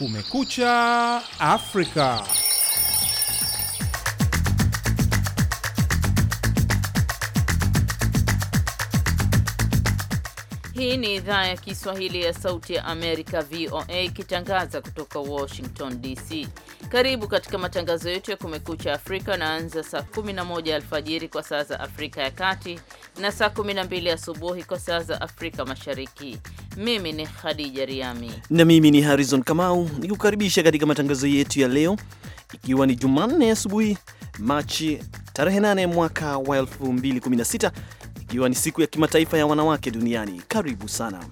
Kumekucha Afrika. Hii ni idhaa ya Kiswahili ya Sauti ya Amerika, VOA, ikitangaza kutoka Washington DC. Karibu katika matangazo yetu ya Kumekucha Afrika naanza saa 11 alfajiri kwa saa za Afrika ya Kati na saa 12 asubuhi kwa saa za Afrika Mashariki. Mimi ni Khadija Riami na mimi ni Harrison Kamau nikukaribisha katika matangazo yetu ya leo, ikiwa ni Jumanne asubuhi Machi tarehe 8 mwaka wa 2016 ikiwa ni siku ya kimataifa ya wanawake duniani. Karibu sana.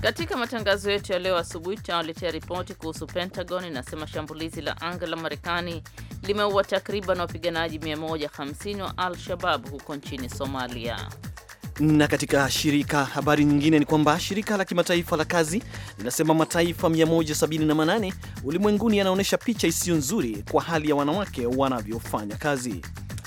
Katika matangazo yetu ya leo asubuhi tunawaletea ripoti kuhusu Pentagon inasema shambulizi la anga la Marekani limeua takriban wapiganaji 150 wa Al-Shabab huko nchini Somalia. Na katika shirika habari nyingine ni kwamba shirika la kimataifa la kazi linasema mataifa 178 ulimwenguni yanaonyesha picha isiyo nzuri kwa hali ya wanawake wanavyofanya kazi.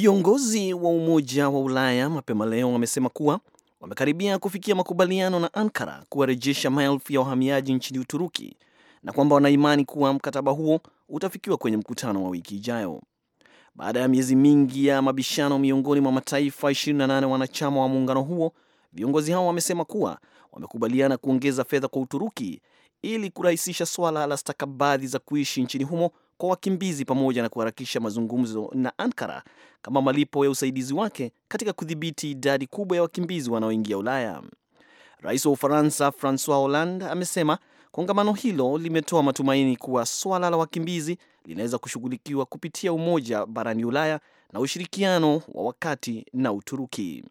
Viongozi wa Umoja wa Ulaya mapema leo wamesema kuwa wamekaribia kufikia makubaliano na Ankara kuwarejesha maelfu ya wahamiaji nchini Uturuki na kwamba wanaimani kuwa mkataba huo utafikiwa kwenye mkutano wa wiki ijayo. Baada ya miezi mingi ya mabishano miongoni mwa mataifa 28 wanachama wa muungano huo, viongozi hao wamesema kuwa wamekubaliana kuongeza fedha kwa Uturuki ili kurahisisha swala la stakabadhi za kuishi nchini humo kwa wakimbizi pamoja na kuharakisha mazungumzo na Ankara kama malipo ya usaidizi wake katika kudhibiti idadi kubwa ya wakimbizi wanaoingia Ulaya. Rais wa Ufaransa Francois Hollande amesema kongamano hilo limetoa matumaini kuwa swala la wakimbizi linaweza kushughulikiwa kupitia umoja barani Ulaya na ushirikiano wa wakati na Uturuki.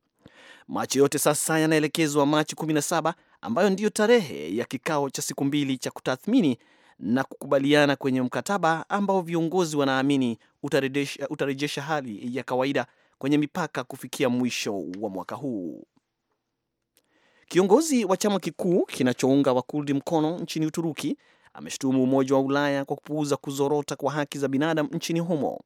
Macho yote sasa yanaelekezwa Machi 17 ambayo ndiyo tarehe ya kikao cha siku mbili cha kutathmini na kukubaliana kwenye mkataba ambao viongozi wanaamini utarejesha, utarejesha hali ya kawaida kwenye mipaka kufikia mwisho wa mwaka huu. Kiongozi wa chama kikuu kinachounga Wakurdi mkono nchini Uturuki ameshutumu Umoja wa Ulaya kwa kupuuza kuzorota kwa haki za binadamu nchini humo.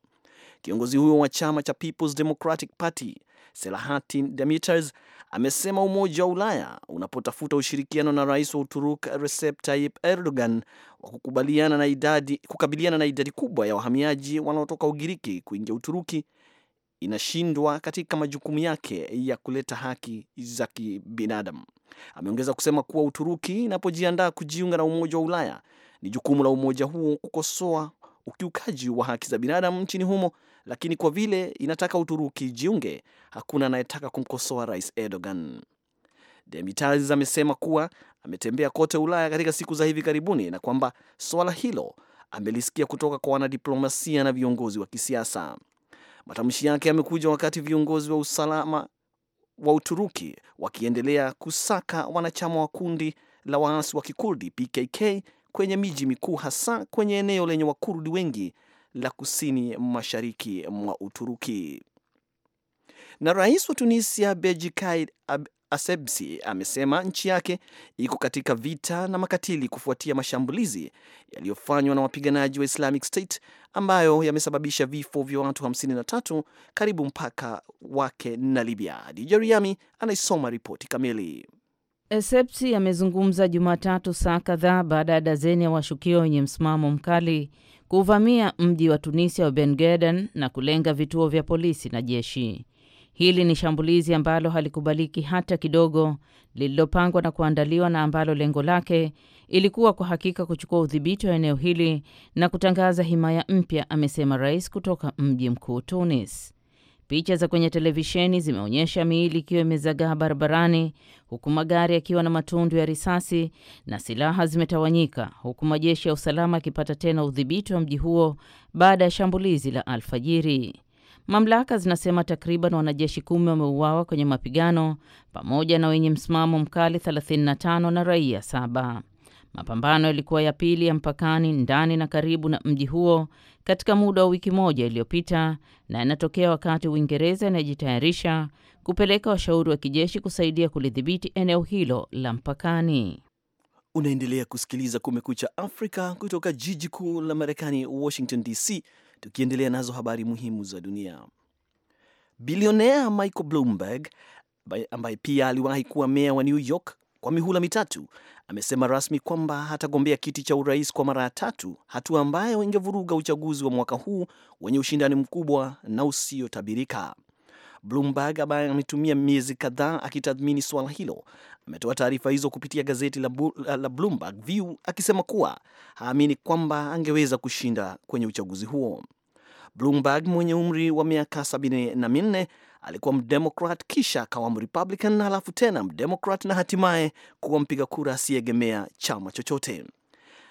Kiongozi huyo wa chama cha People's Democratic Party Selahattin Demirtas amesema Umoja wa Ulaya unapotafuta ushirikiano na rais wa Uturuki Recep Tayyip Erdogan wa kukubaliana na idadi, kukabiliana na idadi kubwa ya wahamiaji wanaotoka Ugiriki kuingia Uturuki inashindwa katika majukumu yake ya kuleta haki za kibinadamu. Ameongeza kusema kuwa Uturuki inapojiandaa kujiunga na Umoja wa Ulaya, ni jukumu la umoja huo kukosoa ukiukaji wa haki za binadamu nchini humo lakini kwa vile inataka Uturuki ijiunge, hakuna anayetaka kumkosoa Rais Erdogan. Demitaz amesema kuwa ametembea kote Ulaya katika siku za hivi karibuni na kwamba swala hilo amelisikia kutoka kwa wanadiplomasia na viongozi wa kisiasa. Matamshi yake yamekuja wakati viongozi wa usalama wa Uturuki wakiendelea kusaka wanachama wa kundi la waasi wa Kikurdi PKK kwenye miji mikuu hasa kwenye eneo lenye Wakurdi wengi la kusini mashariki mwa Uturuki. Na rais wa Tunisia Beji Caid amesema nchi yake iko katika vita na makatili kufuatia mashambulizi yaliyofanywa na wapiganaji wa Islamic State ambayo yamesababisha vifo vya watu 53 karibu mpaka wake na Libya. Dijeriami anaisoma ripoti kamili. Esepsi amezungumza Jumatatu saa kadhaa baada ya dazeni ya washukiwa wenye msimamo mkali kuvamia mji wa Tunisia wa Ben Gaden na kulenga vituo vya polisi na jeshi. Hili ni shambulizi ambalo halikubaliki hata kidogo, lililopangwa na kuandaliwa na ambalo lengo lake ilikuwa kwa hakika kuchukua udhibiti wa eneo hili na kutangaza himaya mpya, amesema rais kutoka mji mkuu Tunis. Picha za kwenye televisheni zimeonyesha miili ikiwa imezagaa barabarani, huku magari yakiwa na matundu ya risasi na silaha zimetawanyika, huku majeshi ya usalama yakipata tena udhibiti wa mji huo baada ya shambulizi la alfajiri. Mamlaka zinasema takriban wanajeshi kumi wameuawa kwenye mapigano pamoja na wenye msimamo mkali 35 na raia saba. Mapambano yalikuwa ya pili ya mpakani ndani na karibu na mji huo katika muda wa wiki moja iliyopita na inatokea wakati Uingereza inajitayarisha kupeleka washauri wa kijeshi kusaidia kulidhibiti eneo hilo la mpakani. Unaendelea kusikiliza Kumekucha Afrika kutoka jiji kuu la Marekani, Washington DC, tukiendelea nazo habari muhimu za dunia. Bilionea Michael Bloomberg ambaye pia aliwahi kuwa meya wa New York kwa mihula mitatu amesema rasmi kwamba hatagombea kiti cha urais kwa mara ya tatu, hatua ambayo ingevuruga uchaguzi wa mwaka huu wenye ushindani mkubwa na usiotabirika. Bloomberg ambaye ametumia miezi kadhaa akitathmini swala hilo ametoa taarifa hizo kupitia gazeti la, la Bloomberg View akisema kuwa haamini kwamba angeweza kushinda kwenye uchaguzi huo. Bloomberg mwenye umri wa miaka minne alikuwa mdemokrat kisha akawa mrepublican halafu tena mdemokrat na hatimaye kuwa mpiga kura asiyeegemea chama chochote.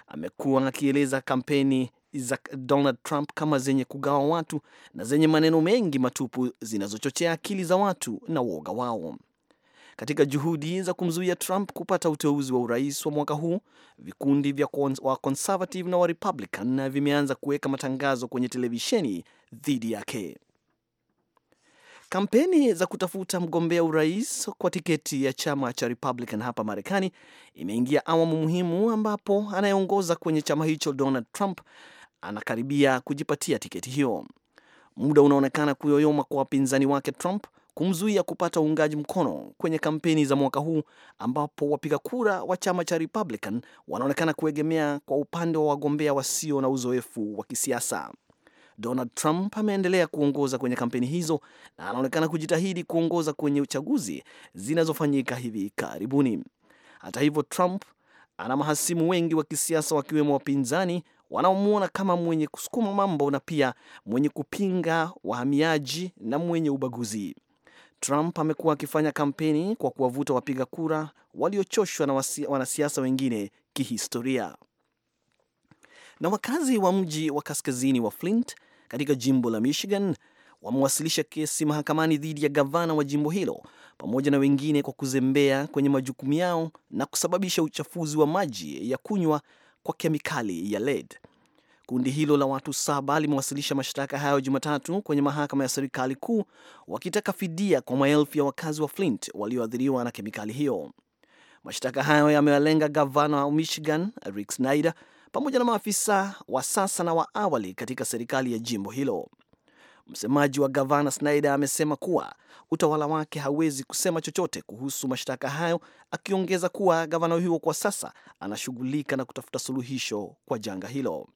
Amekuwa akieleza kampeni za Donald Trump kama zenye kugawa watu na zenye maneno mengi matupu zinazochochea akili za watu na woga wao. Katika juhudi za kumzuia Trump kupata uteuzi wa urais wa mwaka huu, vikundi vya wa conservative na wa Republican vimeanza kuweka matangazo kwenye televisheni dhidi yake. Kampeni za kutafuta mgombea urais kwa tiketi ya chama cha Republican hapa Marekani imeingia awamu muhimu ambapo anayeongoza kwenye chama hicho Donald Trump anakaribia kujipatia tiketi hiyo. Muda unaonekana kuyoyoma kwa wapinzani wake Trump kumzuia kupata uungaji mkono kwenye kampeni za mwaka huu ambapo wapiga kura wa chama cha Republican wanaonekana kuegemea kwa upande wa wagombea wasio na uzoefu wa kisiasa. Donald Trump ameendelea kuongoza kwenye kampeni hizo na anaonekana kujitahidi kuongoza kwenye uchaguzi zinazofanyika hivi karibuni. Hata hivyo, Trump ana mahasimu wengi wa kisiasa wakiwemo wapinzani wanaomwona kama mwenye kusukuma mambo na pia mwenye kupinga wahamiaji na mwenye ubaguzi. Trump amekuwa akifanya kampeni kwa kuwavuta wapiga kura waliochoshwa na wanasiasa wengine kihistoria na wakazi wa mji wa kaskazini wa Flint katika jimbo la Michigan wamewasilisha kesi mahakamani dhidi ya gavana wa jimbo hilo pamoja na wengine kwa kuzembea kwenye majukumu yao na kusababisha uchafuzi wa maji ya kunywa kwa kemikali ya lead. Kundi hilo la watu saba limewasilisha mashtaka hayo Jumatatu kwenye mahakama ya serikali kuu wakitaka fidia kwa maelfu ya wakazi wa Flint walioathiriwa na kemikali hiyo. Mashtaka hayo yamewalenga gavana wa Michigan Rick Snyder pamoja na maafisa wa sasa na wa awali katika serikali ya jimbo hilo. Msemaji wa gavana Snyder amesema kuwa utawala wake hawezi kusema chochote kuhusu mashtaka hayo, akiongeza kuwa gavana huyo kwa sasa anashughulika na kutafuta suluhisho kwa janga hilo.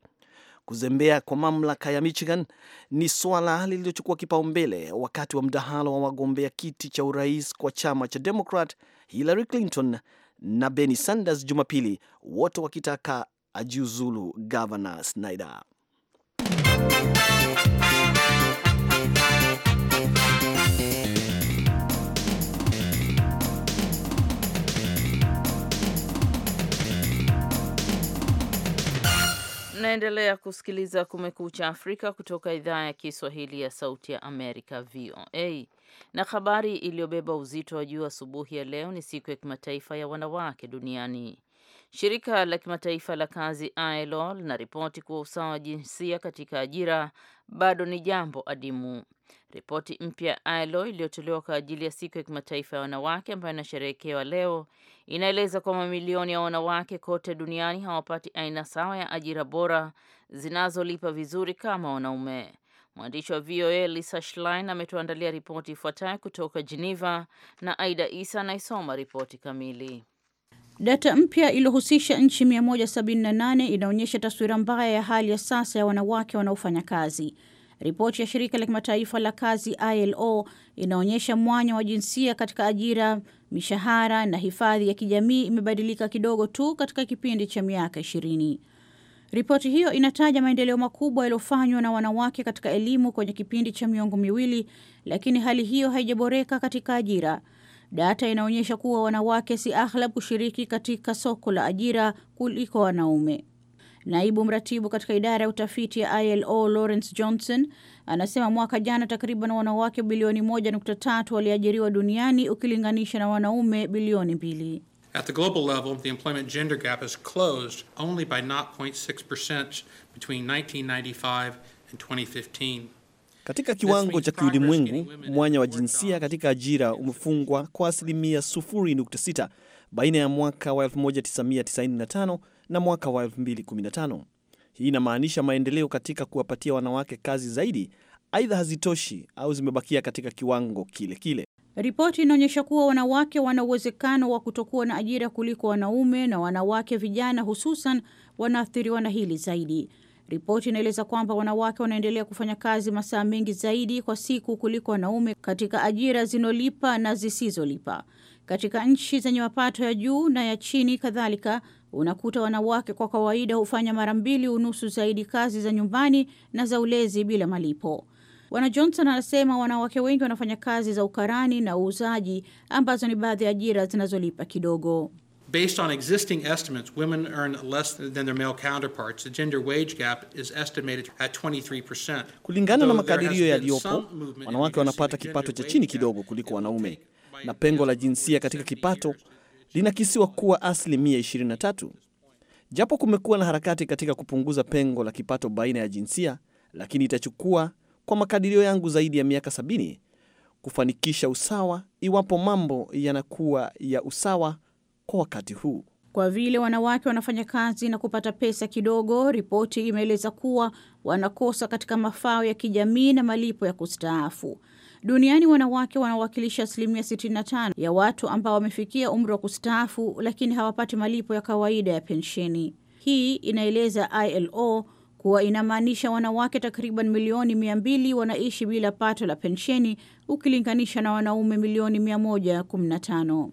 Kuzembea kwa mamlaka ya Michigan ni swala lililochukua kipaumbele wakati wa mdahalo wa wagombea kiti cha urais kwa chama cha Demokrat Hillary Clinton na Bernie Sanders Jumapili, wote wakitaka ajiuzulu Gavana Snyder. Naendelea kusikiliza Kumekucha Afrika kutoka idhaa ya Kiswahili ya Sauti ya Amerika, VOA. Na habari iliyobeba uzito wa juu asubuhi ya leo ni siku ya kimataifa ya wanawake duniani. Shirika la kimataifa la kazi ILO linaripoti kuwa usawa wa jinsia katika ajira bado ni jambo adimu. Ripoti mpya ya ILO iliyotolewa kwa ajili ya siku ya kimataifa ya wanawake ambayo inasherehekewa leo inaeleza kuwa mamilioni ya wanawake kote duniani hawapati aina sawa ya ajira bora zinazolipa vizuri kama wanaume. Mwandishi wa VOA Lisa Schlein ametuandalia ripoti ifuatayo kutoka Geneva na Aida Isa anaisoma ripoti kamili. Data mpya iliyohusisha nchi 178 inaonyesha taswira mbaya ya hali ya sasa ya wanawake wanaofanya kazi. Ripoti ya shirika la kimataifa la kazi ILO inaonyesha mwanya wa jinsia katika ajira, mishahara na hifadhi ya kijamii imebadilika kidogo tu katika kipindi cha miaka ishirini. Ripoti hiyo inataja maendeleo makubwa yaliyofanywa na wanawake katika elimu kwenye kipindi cha miongo miwili, lakini hali hiyo haijaboreka katika ajira. Data inaonyesha kuwa wanawake si aghalabu kushiriki katika soko la ajira kuliko wanaume. Naibu mratibu katika idara ya utafiti ya ILO Lawrence Johnson anasema mwaka jana takriban wanawake bilioni 1.3 waliajiriwa duniani ukilinganisha na wanaume bilioni mbili. At the global level, the employment gender gap closed only by 0.6% between 1995 and 2015. Katika kiwango cha kiulimwengu, mwanya wa jinsia katika ajira umefungwa kwa asilimia 0.6 baina ya mwaka wa 1995 na mwaka wa 2015. Hii inamaanisha maendeleo katika kuwapatia wanawake kazi zaidi aidha hazitoshi au zimebakia katika kiwango kile kile. Ripoti inaonyesha kuwa wanawake wana uwezekano wa kutokuwa na ajira kuliko wanaume, na wanawake vijana hususan wanaathiriwa na hili zaidi. Ripoti inaeleza kwamba wanawake wanaendelea kufanya kazi masaa mengi zaidi kwa siku kuliko wanaume katika ajira zinolipa na zisizolipa. Katika nchi zenye mapato ya juu na ya chini kadhalika, unakuta wanawake kwa kawaida hufanya mara mbili unusu zaidi kazi za nyumbani na za ulezi bila malipo. Bwana Johnson anasema wanawake wengi wanafanya kazi za ukarani na uuzaji ambazo ni baadhi ya ajira zinazolipa kidogo. Based on existing estimates, women earn less than their male counterparts. The gender wage gap is estimated at 23%. Kulingana na makadirio yaliyopo, wanawake wanapata kipato cha chini kidogo kuliko wanaume, na pengo la jinsia katika kipato linakisiwa kuwa asilimia 23. Japo kumekuwa na harakati katika kupunguza pengo la kipato baina ya jinsia, lakini itachukua kwa makadirio yangu zaidi ya miaka sabini kufanikisha usawa, iwapo mambo yanakuwa ya usawa kwa wakati huu. Kwa vile wanawake wanafanya kazi na kupata pesa kidogo, ripoti imeeleza kuwa wanakosa katika mafao ya kijamii na malipo ya kustaafu. Duniani wanawake wanawakilisha asilimia 65 ya watu ambao wamefikia umri wa kustaafu, lakini hawapati malipo ya kawaida ya pensheni. Hii inaeleza ILO kuwa inamaanisha wanawake takriban milioni 200 wanaishi bila pato la pensheni ukilinganisha na wanaume milioni 115.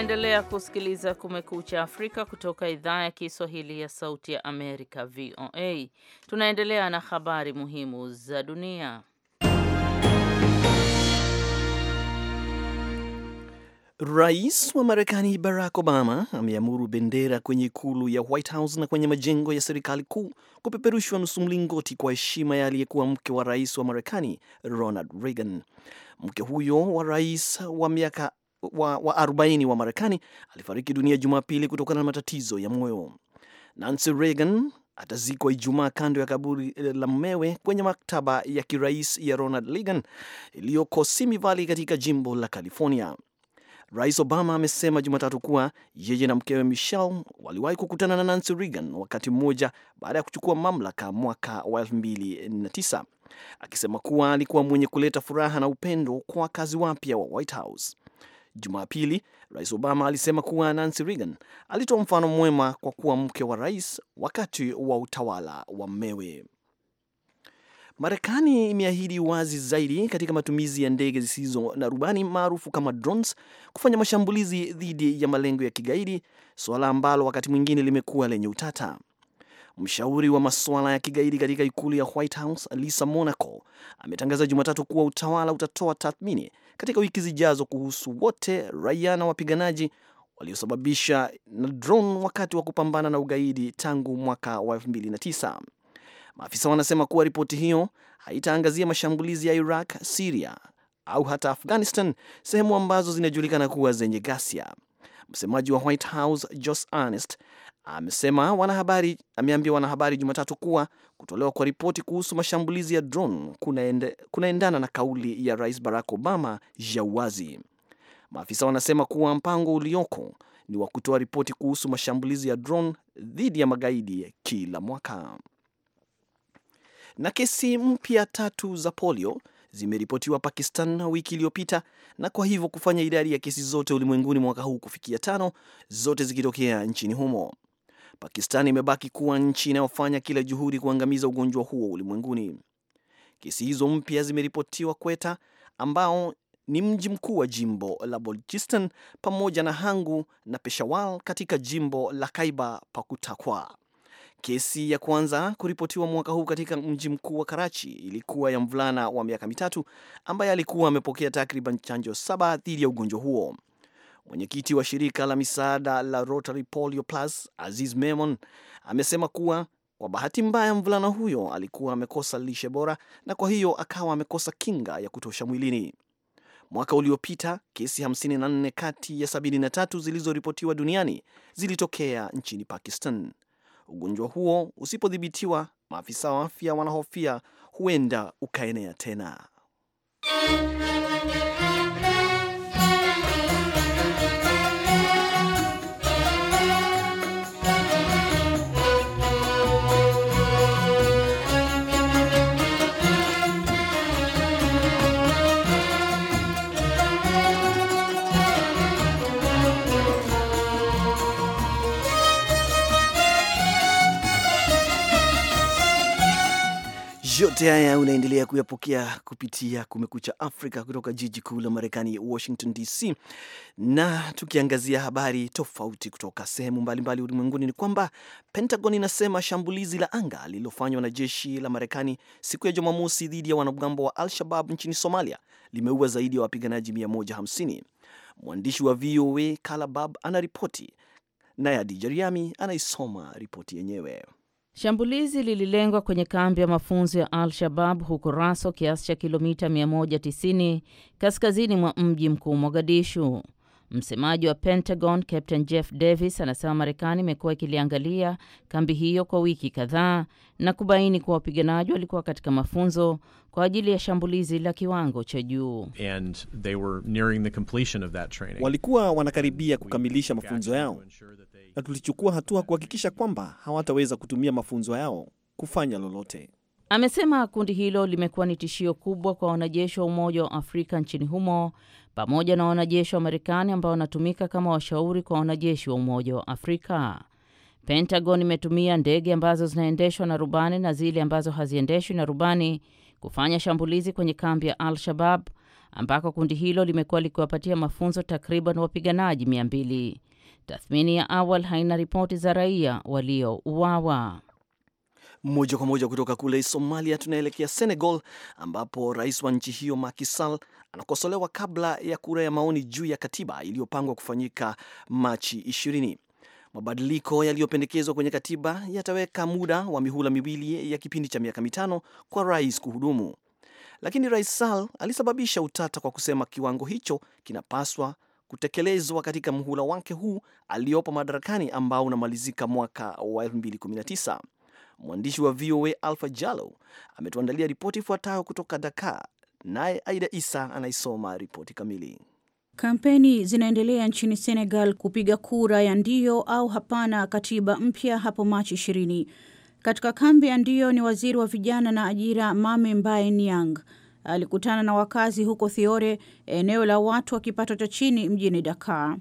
Unaendelea kusikiliza Kumekucha Afrika kutoka idhaa ya Kiswahili ya Sauti ya Amerika, VOA. Tunaendelea na habari muhimu za dunia. Rais wa Marekani Barack Obama ameamuru bendera kwenye ikulu ya White House na kwenye majengo ya serikali kuu kupeperushwa nusu mlingoti kwa heshima ya aliyekuwa mke wa rais wa Marekani Ronald Reagan. Mke huyo wa rais wa miaka wa, wa 40 wa Marekani alifariki dunia Jumapili kutokana na matatizo ya moyo. Nancy Reagan atazikwa Ijumaa kando ya kaburi eh, la mmewe kwenye maktaba ya kirais ya Ronald Reagan iliyoko Simi Valley katika jimbo la California. Rais Obama amesema Jumatatu kuwa yeye na mkewe Michelle waliwahi kukutana na Nancy Reagan wakati mmoja baada ya kuchukua mamlaka mwaka wa 2009 akisema kuwa alikuwa mwenye kuleta furaha na upendo kwa wakazi wapya wa White House. Jumapili, Rais Obama alisema kuwa Nancy Reagan alitoa mfano mwema kwa kuwa mke wa rais wakati wa utawala wa mmewe. Marekani imeahidi wazi zaidi katika matumizi ya ndege zisizo na rubani maarufu kama drones kufanya mashambulizi dhidi ya malengo ya kigaidi, suala ambalo wakati mwingine limekuwa lenye utata. Mshauri wa masuala ya kigaidi katika ikulu ya White House Lisa Monaco ametangaza Jumatatu kuwa utawala utatoa tathmini katika wiki zijazo kuhusu wote raia na wapiganaji waliosababisha na drone wakati wa kupambana na ugaidi tangu mwaka wa 2009. Maafisa wanasema kuwa ripoti hiyo haitaangazia mashambulizi ya Iraq, Siria au hata Afghanistan, sehemu ambazo zinajulikana kuwa zenye ghasia. Msemaji wa White House Josh Earnest amesema wanahabari, ameambia wanahabari Jumatatu kuwa kutolewa kwa ripoti kuhusu mashambulizi ya drone kunaendana kunaendana na kauli ya Rais Barack Obama ya uwazi. Maafisa wanasema kuwa mpango ulioko ni wa kutoa ripoti kuhusu mashambulizi ya drone dhidi ya magaidi kila mwaka. Na kesi mpya tatu za polio zimeripotiwa Pakistan wiki iliyopita na kwa hivyo kufanya idadi ya kesi zote ulimwenguni mwaka huu kufikia tano, zote zikitokea nchini humo. Pakistan imebaki kuwa nchi inayofanya kila juhudi kuangamiza ugonjwa huo ulimwenguni. Kesi hizo mpya zimeripotiwa Kweta, ambao ni mji mkuu wa jimbo la Balochistan, pamoja na Hangu na Peshawar katika jimbo la kaiba Pakutakwa. Kesi ya kwanza kuripotiwa mwaka huu katika mji mkuu wa Karachi ilikuwa ya mvulana wa miaka mitatu ambaye alikuwa amepokea takriban chanjo saba dhidi ya ugonjwa huo. Mwenyekiti wa shirika la misaada la Rotary Polio Plus Aziz Memon amesema kuwa kwa bahati mbaya mvulana huyo alikuwa amekosa lishe bora na kwa hiyo akawa amekosa kinga ya kutosha mwilini. Mwaka uliopita kesi 54 kati ya 73 zilizoripotiwa duniani zilitokea nchini Pakistan. Ugonjwa huo usipodhibitiwa, maafisa wa afya wanahofia huenda ukaenea tena. Yote haya unaendelea kuyapokea kupitia Kumekucha Afrika kutoka jiji kuu la Marekani, Washington DC, na tukiangazia habari tofauti kutoka sehemu mbalimbali ulimwenguni, ni kwamba Pentagon inasema shambulizi la anga lililofanywa na jeshi la Marekani siku ya Jumamosi dhidi ya wanamgambo wa Al-Shabab nchini Somalia limeua zaidi ya wa wapiganaji 150. Mwandishi wa VOA Kalabab anaripoti, naye Adija Riami anaisoma ripoti yenyewe. Shambulizi lililengwa kwenye kambi ya mafunzo ya Al-Shabab huko Raso, kiasi cha kilomita 190 kaskazini mwa mji mkuu Mogadishu. Msemaji wa Pentagon Captain Jeff Davis anasema Marekani imekuwa ikiliangalia kambi hiyo kwa wiki kadhaa na kubaini kuwa wapiganaji walikuwa katika mafunzo kwa ajili ya shambulizi la kiwango cha juu. Walikuwa wanakaribia kukamilisha mafunzo yao, na tulichukua hatua kuhakikisha kwamba hawataweza kutumia mafunzo yao kufanya lolote. Amesema kundi hilo limekuwa ni tishio kubwa kwa wanajeshi wa Umoja wa Afrika nchini humo pamoja na wanajeshi wa Marekani ambao wanatumika kama washauri kwa wanajeshi wa Umoja wa Afrika. Pentagon imetumia ndege ambazo zinaendeshwa na rubani na zile ambazo haziendeshwi na rubani kufanya shambulizi kwenye kambi ya Al-Shabab ambako kundi hilo limekuwa likiwapatia mafunzo takriban wapiganaji mia mbili Tathmini ya awali haina ripoti za raia waliouawa. Moja kwa moja kutoka kule Somalia tunaelekea Senegal ambapo rais wa nchi hiyo Macky Sall anakosolewa kabla ya kura ya maoni juu ya katiba iliyopangwa kufanyika Machi 20. Mabadiliko yaliyopendekezwa kwenye katiba yataweka muda wa mihula miwili ya kipindi cha miaka mitano kwa rais kuhudumu, lakini Rais Sall alisababisha utata kwa kusema kiwango hicho kinapaswa kutekelezwa katika mhula wake huu aliyopo madarakani ambao unamalizika mwaka wa 2019. Mwandishi wa VOA Alfa jalo ametuandalia ripoti ifuatayo kutoka Dakar, naye Aida Isa anaisoma ripoti kamili. Kampeni zinaendelea nchini Senegal kupiga kura ya ndio au hapana katiba mpya hapo Machi ishirini. Katika kambi ya ndio ni waziri wa vijana na ajira Mame Mbaye Niang alikutana na wakazi huko Thiore, eneo la watu wa kipato cha chini mjini Dakar.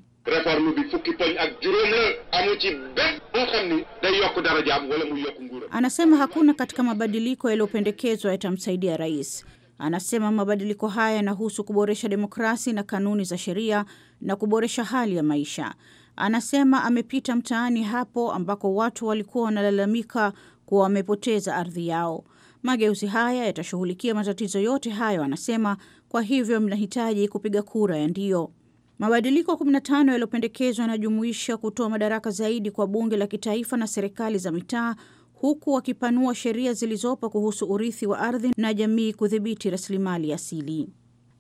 Anasema hakuna katika mabadiliko yaliyopendekezwa yatamsaidia rais. Anasema mabadiliko haya yanahusu kuboresha demokrasi na kanuni za sheria na kuboresha hali ya maisha. Anasema amepita mtaani hapo ambako watu walikuwa wanalalamika kuwa wamepoteza ardhi yao. Mageuzi haya yatashughulikia matatizo yote hayo, anasema. Kwa hivyo mnahitaji kupiga kura ya ndio. Mabadiliko 15 yaliyopendekezwa yanajumuisha kutoa madaraka zaidi kwa bunge la kitaifa na serikali za mitaa huku wakipanua sheria zilizopo kuhusu urithi wa ardhi na jamii kudhibiti rasilimali asili,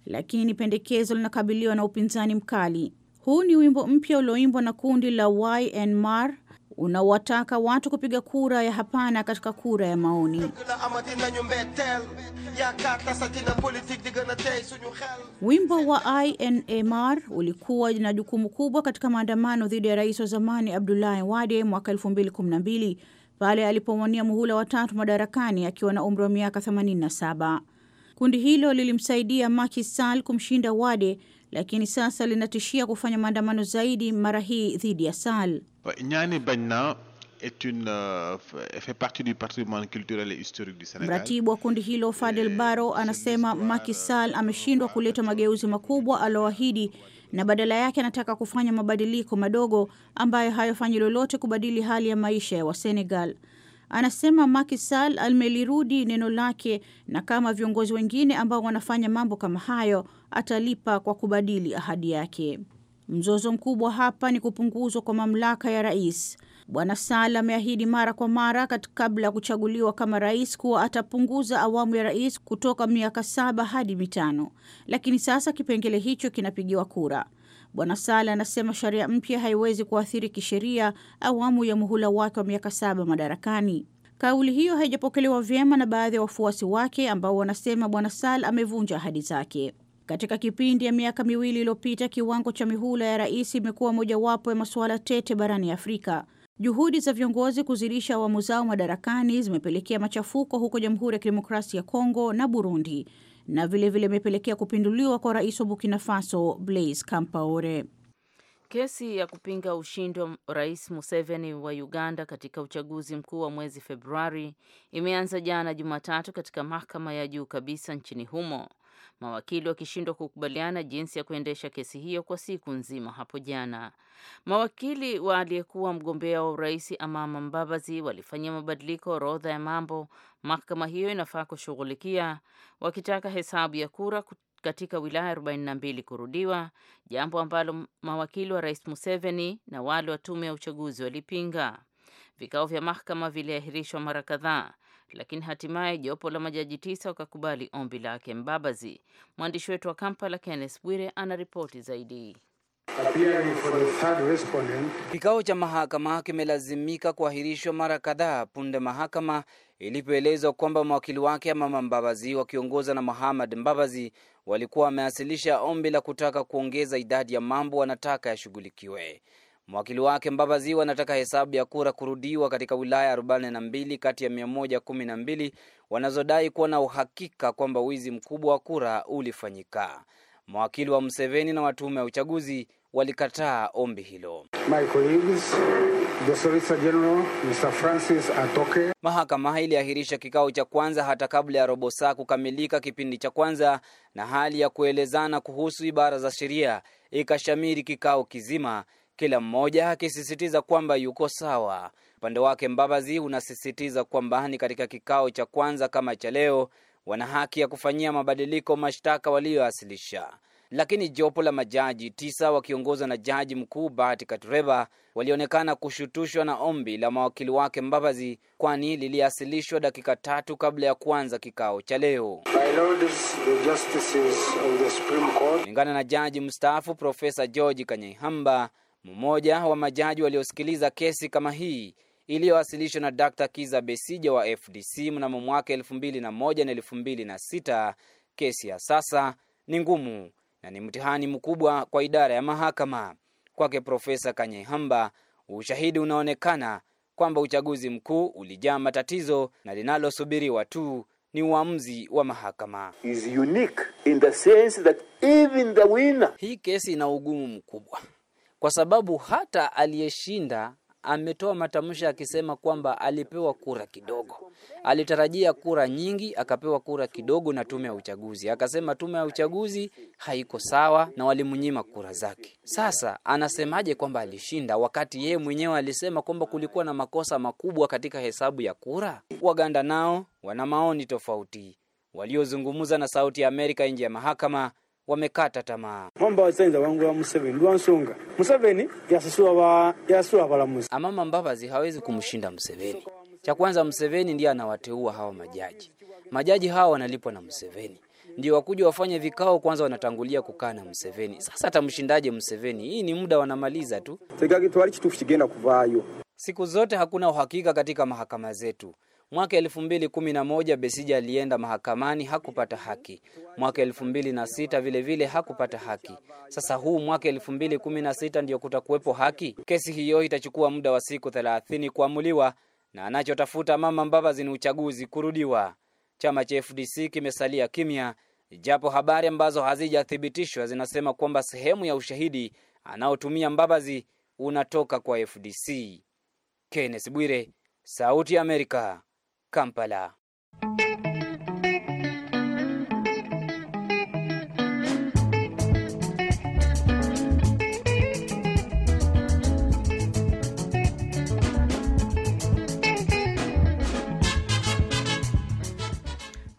lakini pendekezo linakabiliwa na upinzani mkali. Huu ni wimbo mpya ulioimbwa na kundi la ynmr unaowataka watu kupiga kura ya hapana katika kura ya maoni. Wimbo wa INMR ulikuwa na jukumu kubwa katika maandamano dhidi ya rais wa zamani Abdulahi Wade mwaka 2012 pale alipowania muhula watatu madarakani akiwa na umri wa miaka 87. Kundi hilo lilimsaidia Macky Sall kumshinda Wade, lakini sasa linatishia kufanya maandamano zaidi, mara hii dhidi ya Sall est une, euh, fait partie du patrimoine culturel et historique du Senegal. Mratibu wa kundi hilo Fadel baro anasema Macky euh, Sall ameshindwa kuleta mageuzi makubwa alioahidi na badala yake anataka kufanya mabadiliko madogo ambayo hayafanyi lolote kubadili hali ya maisha ya Wasenegal. Anasema Macky Sall amelirudi neno lake, na kama viongozi wengine ambao wanafanya mambo kama hayo atalipa kwa kubadili ahadi yake. Mzozo mkubwa hapa ni kupunguzwa kwa mamlaka ya rais. Bwana Sala ameahidi mara kwa mara kabla ya kuchaguliwa kama rais kuwa atapunguza awamu ya rais kutoka miaka saba hadi mitano, lakini sasa kipengele hicho kinapigiwa kura. Bwana Sala anasema sheria mpya haiwezi kuathiri kisheria awamu ya muhula wake wa miaka saba madarakani. Kauli hiyo haijapokelewa vyema na baadhi ya wafuasi wake ambao wanasema Bwana Sall amevunja ahadi zake. Katika kipindi ya miaka miwili iliyopita, kiwango cha mihula ya rais imekuwa mojawapo ya masuala tete barani Afrika. Juhudi za viongozi kuzidisha awamu zao madarakani zimepelekea machafuko huko Jamhuri ya Kidemokrasia ya Kongo na Burundi, na vilevile imepelekea kupinduliwa kwa rais wa Burkina Faso Blaise Campaore. Kesi ya kupinga ushindi wa rais Museveni wa Uganda katika uchaguzi mkuu wa mwezi Februari imeanza jana Jumatatu katika mahakama ya juu kabisa nchini humo mawakili wakishindwa kukubaliana jinsi ya kuendesha kesi hiyo kwa siku nzima hapo jana. Mawakili wa aliyekuwa mgombea wa urais Amama Mbabazi walifanyia mabadiliko orodha ya mambo mahakama hiyo inafaa kushughulikia, wakitaka hesabu ya kura katika wilaya 42 kurudiwa, jambo ambalo mawakili wa Rais Museveni na wale wa tume ya uchaguzi walipinga. Vikao vya mahakama viliahirishwa mara kadhaa lakini hatimaye jopo la majaji tisa wakakubali ombi lake Mbabazi. Mwandishi wetu wa Kampala, Kenneth Bwire, ana ripoti zaidi. Kikao cha mahakama kimelazimika kuahirishwa mara kadhaa punde mahakama ilipoelezwa kwamba mawakili wake Amama Mbabazi wakiongoza na Muhammad Mbabazi walikuwa wamewasilisha ombi la kutaka kuongeza idadi ya mambo wanataka yashughulikiwe. Mawakili wake Mbabazi wanataka hesabu ya kura kurudiwa katika wilaya 42 kati ya 112 wanazodai kuwa na uhakika kwamba wizi mkubwa wa kura ulifanyika. Mawakili wa mseveni na watume wa uchaguzi walikataa ombi hilo. atoke Mahakama iliahirisha kikao cha kwanza hata kabla ya robo saa kukamilika kipindi cha kwanza, na hali ya kuelezana kuhusu ibara za sheria ikashamiri kikao kizima kila mmoja akisisitiza kwamba yuko sawa. Upande wake Mbabazi unasisitiza kwamba ni katika kikao cha kwanza kama cha leo wana haki ya kufanyia mabadiliko mashtaka waliyoasilisha, lakini jopo la majaji tisa wakiongozwa na jaji mkuu Bart Katureba walionekana kushutushwa na ombi la mawakili wake Mbabazi, kwani liliasilishwa dakika tatu kabla ya kuanza kikao cha leo. Kulingana na jaji mstaafu Profesa George Kanyaihamba mmoja wa majaji waliosikiliza kesi kama hii iliyowasilishwa na Dr. Kiza Besija wa FDC mnamo mwaka 2001 na 2006, kesi ya sasa ni ngumu na ni mtihani mkubwa kwa idara ya mahakama. Kwake Profesa kanyehamba ushahidi unaonekana kwamba uchaguzi mkuu ulijaa matatizo na linalosubiriwa tu ni uamuzi wa mahakama. Is unique in the sense that even the winner. Hii kesi ina ugumu mkubwa kwa sababu hata aliyeshinda ametoa matamshi akisema kwamba alipewa kura kidogo, alitarajia kura nyingi, akapewa kura kidogo na tume ya uchaguzi. Akasema tume ya uchaguzi haiko sawa na walimnyima kura zake. Sasa anasemaje kwamba alishinda wakati yeye mwenyewe alisema kwamba kulikuwa na makosa makubwa katika hesabu ya kura? Waganda nao wana maoni tofauti, waliozungumza na Sauti ya Amerika nje ya mahakama wamekata tamaa omba wasenza wangu wa Museveni lwansonga Museveni yasuwa balamuzi Amama Mbabazi hawezi kumshinda Museveni. Cha kwanza, Museveni ndiye anawateua hawa majaji. Majaji hawa wanalipwa na Museveni ndio wakuja wafanye vikao, kwanza wanatangulia kukaa na Museveni. Sasa atamshindaje Museveni? Hii ni muda wanamaliza tu. Siku zote hakuna uhakika katika mahakama zetu. Mwaka elfu mbili kumi na moja Besija alienda mahakamani hakupata haki. Mwaka elfu mbili na sita vilevile hakupata haki. Sasa huu mwaka elfu mbili kumi na sita ndio kutakuwepo haki? Kesi hiyo itachukua muda wa siku thelathini kuamuliwa, na anachotafuta mama Mbabazi ni uchaguzi kurudiwa. Chama cha FDC kimesalia kimya, japo habari ambazo hazijathibitishwa zinasema kwamba sehemu ya ushahidi anaotumia Mbabazi unatoka kwa FDC. Kenneth Bwire, Sauti ya Amerika, Kampala.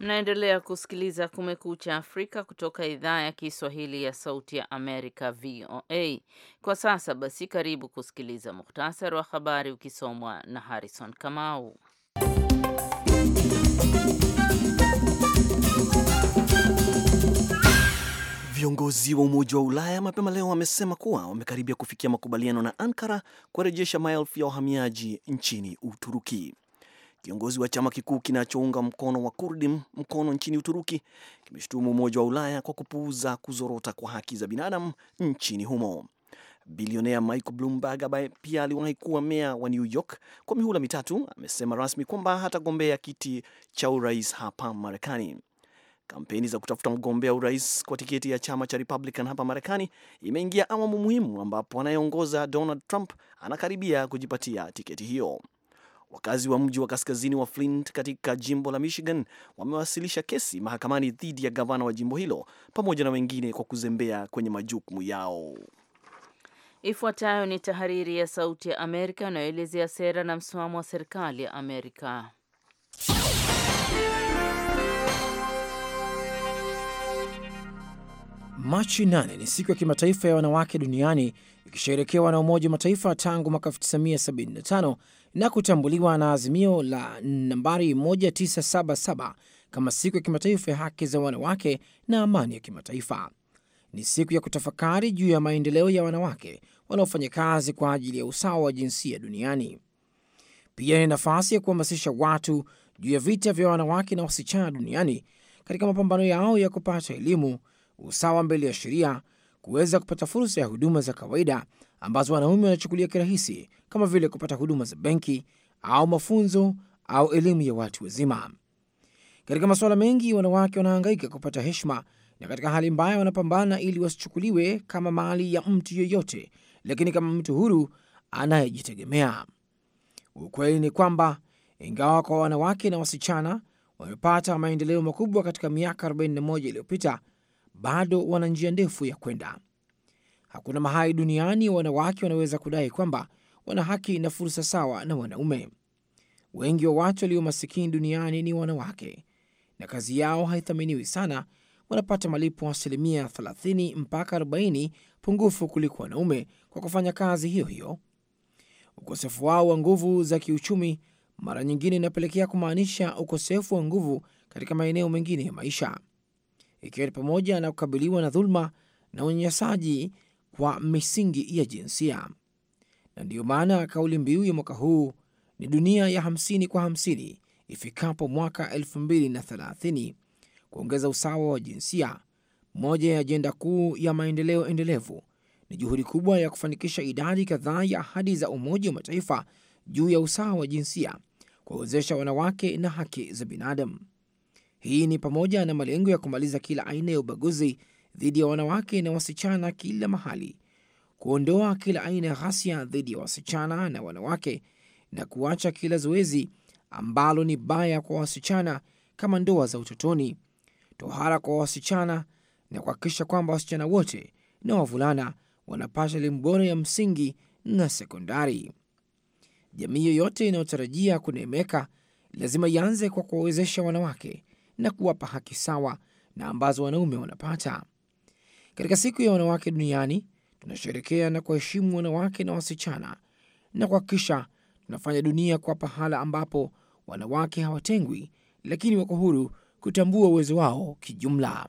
Mnaendelea kusikiliza Kumekucha Afrika kutoka idhaa ya Kiswahili ya Sauti ya Amerika, VOA. Kwa sasa basi, karibu kusikiliza muhtasari wa habari ukisomwa na Harrison Kamau. Viongozi wa Umoja wa Ulaya mapema leo wamesema kuwa wamekaribia kufikia makubaliano na Ankara kuwarejesha maelfu ya wahamiaji nchini Uturuki. Kiongozi wa chama kikuu kinachounga mkono wa Kurdi mkono nchini Uturuki kimeshutumu Umoja wa Ulaya kwa kupuuza kuzorota kwa haki za binadamu nchini humo. Bilionea Michael Bloomberg ambaye pia aliwahi kuwa meya wa New York kwa mihula mitatu amesema rasmi kwamba hatagombea kiti cha urais hapa Marekani. Kampeni za kutafuta mgombea urais kwa tiketi ya chama cha Republican hapa Marekani imeingia awamu muhimu, ambapo anayeongoza Donald Trump anakaribia kujipatia tiketi hiyo. Wakazi wa mji wa kaskazini wa Flint katika jimbo la Michigan wamewasilisha kesi mahakamani dhidi ya gavana wa jimbo hilo pamoja na wengine kwa kuzembea kwenye majukumu yao. Ifuatayo ni tahariri ya Sauti ya Amerika inayoelezea sera na msimamo wa serikali ya Amerika. Machi 8 ni siku ya kimataifa ya wanawake duniani ikisherekewa na Umoja wa Mataifa tangu mwaka 1975 na kutambuliwa na azimio la nambari 1977 kama siku ya kimataifa ya haki za wanawake na amani ya kimataifa. Ni siku ya kutafakari juu ya maendeleo ya wanawake wanaofanya kazi kwa ajili ya usawa wa jinsia duniani. Pia ni nafasi ya kuhamasisha watu juu ya vita vya wanawake na wasichana duniani katika mapambano yao ya kupata elimu usawa mbele ya sheria, kuweza kupata fursa ya huduma za kawaida ambazo wanaume wanachukulia kirahisi kama vile kupata huduma za benki au mafunzo au elimu ya watu wazima. Katika masuala mengi, wanawake wanahangaika kupata heshima na katika hali mbaya wanapambana ili wasichukuliwe kama mali ya mtu yeyote, lakini kama mtu huru anayejitegemea. Ukweli ni kwamba ingawa kwa wanawake na wasichana wamepata maendeleo makubwa katika miaka 41 iliyopita, bado wana njia ndefu ya kwenda. Hakuna mahali duniani wanawake wanaweza kudai kwamba wana haki na fursa sawa na wanaume. Wengi wa watu walio masikini duniani ni wanawake, na kazi yao haithaminiwi sana. Wanapata malipo asilimia 30 mpaka 40 pungufu kuliko wanaume kwa kufanya kazi hiyo hiyo. Ukosefu wao wa nguvu za kiuchumi mara nyingine inapelekea kumaanisha ukosefu wa nguvu katika maeneo mengine ya maisha ikiwa ni pamoja na kukabiliwa na dhuluma na unyanyasaji kwa misingi ya jinsia. Na ndiyo maana kauli mbiu ya mwaka huu ni dunia ya 50 kwa 50 ifikapo mwaka 230 kuongeza usawa wa jinsia. Moja ya ajenda kuu ya maendeleo endelevu ni juhudi kubwa ya kufanikisha idadi kadhaa ya ahadi za Umoja wa Mataifa juu ya usawa wa jinsia, kuwawezesha wanawake na haki za binadamu. Hii ni pamoja na malengo ya kumaliza kila aina ya ubaguzi dhidi ya wanawake na wasichana kila mahali, kuondoa kila aina ya ghasia dhidi ya wasichana na wanawake, na kuacha kila zoezi ambalo ni baya kwa wasichana kama ndoa za utotoni, tohara kwa wasichana, na kuhakikisha kwamba wasichana wote na wavulana wanapata elimu bora ya msingi na sekondari. Jamii yoyote inayotarajia kuneemeka lazima ianze kwa kuwawezesha wanawake na kuwapa haki sawa na ambazo wanaume wanapata. Katika siku ya wanawake duniani, tunasherekea na kuwaheshimu wanawake na wasichana na kuhakikisha tunafanya dunia kwa pahala ambapo wanawake hawatengwi, lakini wako huru kutambua uwezo wao kijumla.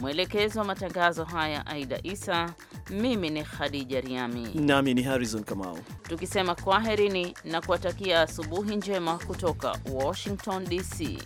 Mwelekezi wa matangazo haya Aida Isa, mimi ni Khadija Riami nami ni Harrison Kamau, tukisema kwaherini na kuwatakia asubuhi njema kutoka Washington DC.